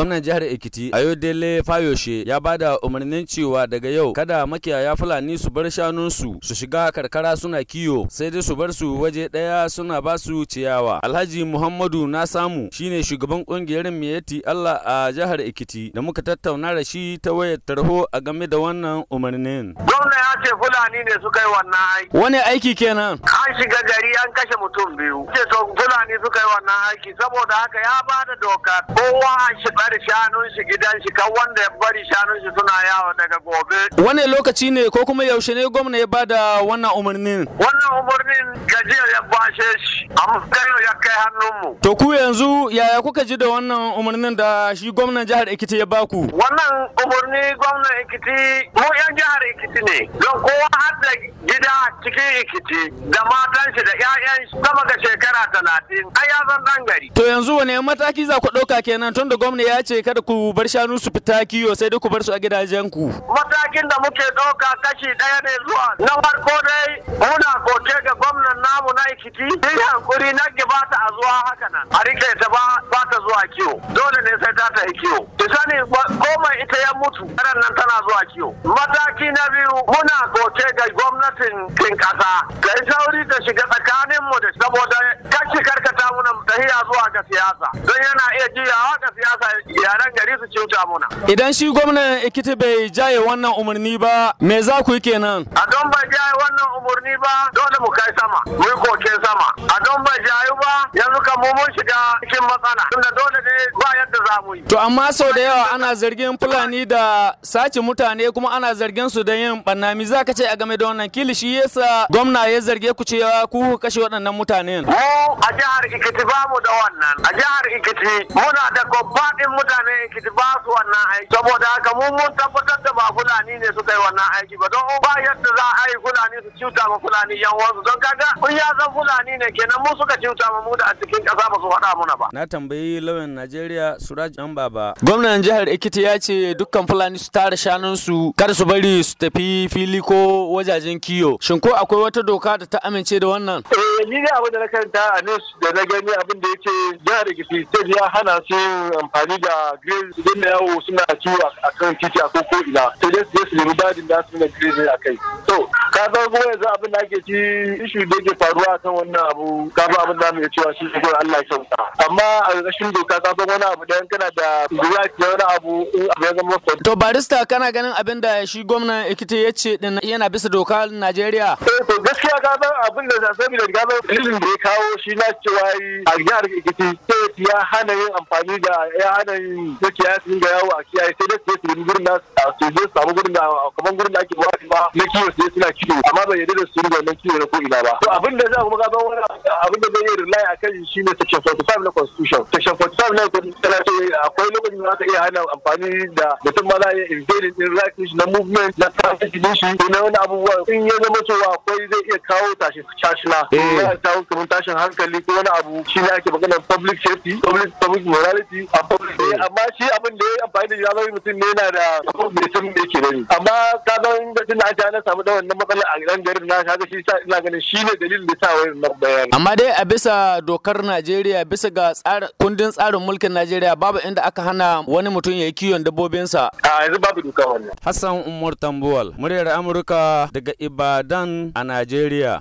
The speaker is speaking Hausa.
Gwamnan jihar Ekiti Ayodele Fayoshe ya bada umarnin cewa daga yau kada makiyaya Fulani su bar shanunsu su shiga karkara suna kiyo sai dai su bar su waje daya suna ba su ciyawa. Alhaji Muhammadu na samu shine shugaban kungiyar miyati Allah a jihar Ekiti da muka tattauna da shi ta wayar tarho a game da wannan umarnin. Gwamna ya ce Fulani ne yi wannan aiki. Wani aiki kenan? An shiga gari an kashe mutum biyu. Ce Fulani suka yi wannan aiki saboda haka ya bada doka kowa a shiga bari shanun shi gidan shi kan wanda ya bari shanun shi suna yawo daga gobe. Wane lokaci ne ko kuma yaushe ne gwamna ya bada wannan umarnin? Wannan umarnin gajiyar ya bashe shi amma ya kai hannunmu. To ku yanzu yaya kuka ji da wannan umarnin da shi gwamnan jihar Ekiti ya baku? Wannan umarni gwamnan Ekiti mu yan jihar Ekiti ne don kowa haɗa gida cikin rikici da matan shi da 'ya'yan sama ga shekara talatin a ya zan gari. To yanzu wane mataki za ku ɗauka kenan tun da gwamna ya ce kada ku bar shanu su fita kiyo sai dai ku bar su a gidajen ku. Matakin da muke ɗauka kashi ɗaya ne zuwa na farko dai muna koke ga gwamnan namu na ikiti. yin hankuri na gibata a zuwa haka nan a rike ta ba ta zuwa kiwo dole ne sai ta ta yi kiwo. ita ya mutu ran nan tana zuwa kiwo mataki na biyu muna goce ga gwamnatin kin kasa da sauri ta shiga tsakanin mu da saboda kashi karkata muna tahiya zuwa ga siyasa don yana iya jiyawa ga siyasa yaran gari su ciuta muna idan shi gwamnan ikiti bai jaye wannan umarni ba me za ku yi kenan a don bai jaye wannan umarni ba dole mu kai sama mu yi koken sama a don ba jayu ba yanzu kan mun shiga cikin matsala tunda dole ne ba yadda za mu yi. To amma sau da yawa ana zargin Fulani da sace mutane kuma ana zargin su da yin ɓannami za ka ce a game da wannan kilishi yasa gwamna ya zarge ku cewa ku kashe waɗannan mutanen. Mu a jihar Ikiti ba mu da wannan a jihar Ikiti muna da gobbaɗin mutanen Ikiti ba su wannan aiki saboda haka mu mun tabbatar da ba Fulani ne suka yi wannan aiki ba don ba yadda za a yi Fulani su ciwo cuta ma fulani yan wasu don kaga kun ya san fulani ne kenan mu suka cuta ma mu da a cikin kasa ba su faɗa muna ba. Na tambayi lauyan Najeriya Suraj Ambaba. Gwamnan jihar Ekiti ya ce dukkan fulani su tara su kada su bari su tafi fili ko wajajen kiyo. Shin ko akwai wata doka da ta amince da wannan? Eh ni ne abin da na karanta a news da na gani abin da yake jihar Ekiti state ya hana su amfani da grace din yawo suna kiwo a kan titi a ko ina. Sai su nemi da su gire a kai to ka san kuma yanzu abin da ake ci ishu da yake faruwa kan wannan abu ka abin da mai cewa shi kuma Allah ya amma a ƙarƙashin doka ka san wani abu da kana da zuwa ki wani abu in abu ya zama kwadi to barista kana ganin abin da shi gwamnan Ekiti ya ce din yana bisa doka Najeriya eh, to gaskiya ka san abin da saboda ka san dalilin da ya kawo shi na cewa a jihar Ekiti state ya hana yin amfani da ya hana yin da kiyasin ga yawo a kiyaye sai da su yi gurin nasu su je su samu gurin suna kamar gurin da ake ba ba na kiwo sai suna kiwo amma bai yarda da su da wannan kiwo na ko ina ba to abin da za ku ga ban wani abin da zai yi rely akan shi shine section 45 na constitution section 45 na constitution eh, akwai lokacin da aka iya hana amfani da mutum ma za a iya in right na movement na transit din shi na wani abubuwa in ya zama cewa akwai zai iya kawo tashi tashina ya eh. kawo kamar tashin hankali ko wani abu shi ne ake magana public safety public public morality a public hmm. eh, amma shi abin da ya amfani da ya mutum ne yana da mutum da yake da ni amma ka ga in da tunda aka na samu da wannan matsalar a gidan garin na ka ga shi sa ina ganin shi ne dalilin da sa bayani amma dai a bisa dokar Najeriya bisa ga tsarin kundin tsarin mulkin Najeriya babu inda aka hana wani mutum ya yi kiwon dabbobinsa a yanzu babu doka wannan Hassan Umar Tambuwal muryar Amurka daga Ibadan a Najeriya